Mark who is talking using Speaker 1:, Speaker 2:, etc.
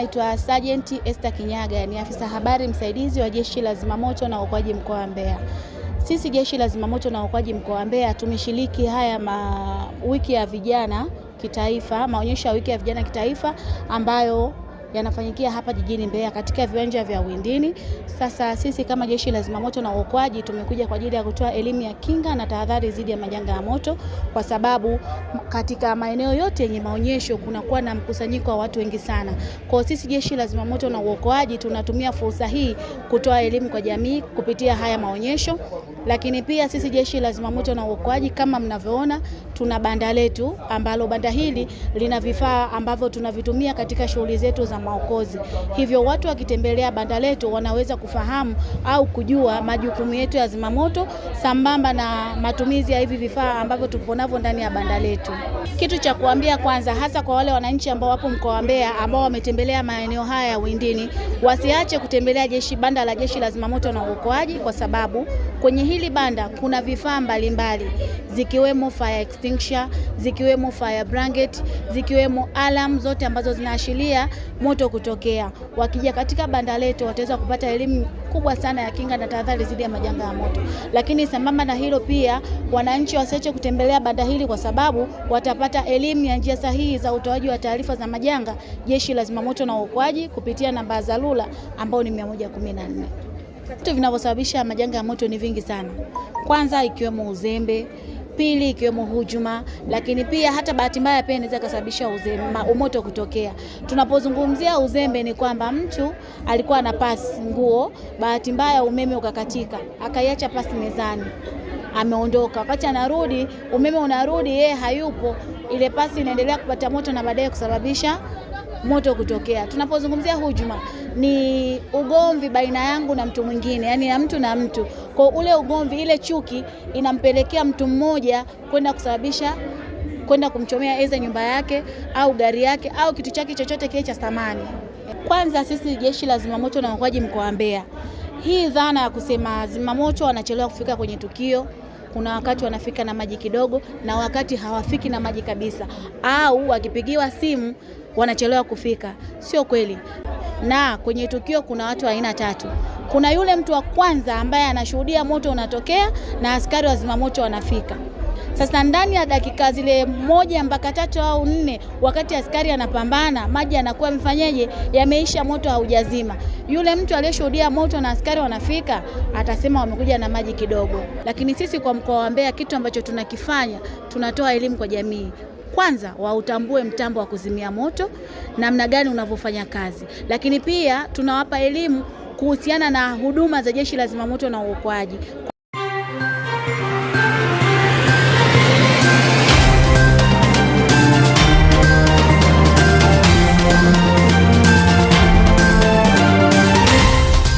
Speaker 1: anaitwa Sergeant Esther Kinyaga, ni afisa habari msaidizi wa Jeshi la Zimamoto na Uokoaji mkoa wa Mbeya. Sisi Jeshi la Zimamoto na Uokoaji mkoa wa Mbeya tumeshiriki haya ma wiki ya vijana kitaifa, maonyesho ya wiki ya vijana kitaifa ambayo yanafanyikia hapa jijini Mbeya katika viwanja vya Windini. Sasa sisi kama jeshi la zimamoto na uokoaji tumekuja kwa ajili ya kutoa elimu ya kinga na tahadhari dhidi ya majanga ya moto, kwa sababu katika maeneo yote yenye maonyesho kunakuwa na mkusanyiko wa watu wengi sana. Kwa sisi jeshi la zimamoto na uokoaji tunatumia fursa hii kutoa elimu kwa jamii kupitia haya maonyesho, lakini pia sisi jeshi la zimamoto na uokoaji kama mnavyoona, tuna banda letu ambalo banda hili lina vifaa ambavyo tunavitumia katika shughuli zetu za maokozi. Hivyo watu wakitembelea banda letu wanaweza kufahamu au kujua majukumu yetu ya zimamoto sambamba na matumizi ya hivi vifaa ambavyo tupo navyo ndani ya banda letu. Kitu cha kuambia kwanza, hasa kwa wale wananchi ambao wapo mkoa wa Mbeya ambao wametembelea maeneo haya ya Windini, wasiache kutembelea jeshi banda la jeshi la zimamoto na uokoaji kwa sababu Kwenye hili banda kuna vifaa mbalimbali zikiwemo fire extinguisher, zikiwemo fire blanket, zikiwemo alarm zote ambazo zinaashiria moto kutokea. Wakija katika banda letu wataweza kupata elimu kubwa sana ya kinga na tahadhari dhidi ya majanga ya moto. Lakini sambamba na hilo pia, wananchi wasiache kutembelea banda hili kwa sababu watapata elimu ya njia sahihi za utoaji wa taarifa za majanga, Jeshi la Zimamoto na Uokoaji kupitia namba za dharura ambao ni 114. Vitu vinavyosababisha majanga ya moto ni vingi sana, kwanza ikiwemo uzembe pili ikiwemo hujuma, lakini pia hata bahati mbaya pia inaweza kusababisha moto kutokea. Tunapozungumzia uzembe, ni kwamba mtu alikuwa na pasi nguo, bahati mbaya umeme ukakatika, akaiacha pasi mezani, ameondoka. Wakati anarudi umeme unarudi, yeye hayupo, ile pasi inaendelea kupata moto na baadaye kusababisha moto kutokea. Tunapozungumzia hujuma ni ugomvi baina yangu na mtu mwingine, yani na mtu na mtu. Kwa ule ugomvi, ile chuki inampelekea mtu mmoja kwenda kusababisha kwenda kumchomea eza nyumba yake au gari yake au kitu chake chochote kile cha thamani. Kwanza sisi jeshi la zimamoto na uokoaji mkoa wa Mbeya, hii dhana ya kusema zimamoto wanachelewa kufika kwenye tukio kuna wakati wanafika na maji kidogo na wakati hawafiki na maji kabisa, au wakipigiwa simu wanachelewa kufika. Sio kweli. Na kwenye tukio kuna watu aina tatu. Kuna yule mtu wa kwanza ambaye anashuhudia moto unatokea na askari wa zimamoto wanafika. Sasa ndani ya dakika zile moja mpaka tatu au nne, wakati askari anapambana, maji yanakuwa mfanyeje, yameisha, moto haujazima. Yule mtu aliyeshuhudia moto na askari wanafika atasema wamekuja na maji kidogo. Lakini sisi kwa mkoa wa Mbeya, kitu ambacho tunakifanya, tunatoa elimu kwa jamii kwanza wautambue mtambo wa kuzimia moto namna gani unavyofanya kazi, lakini pia tunawapa elimu kuhusiana na huduma za jeshi la zimamoto na uokoaji.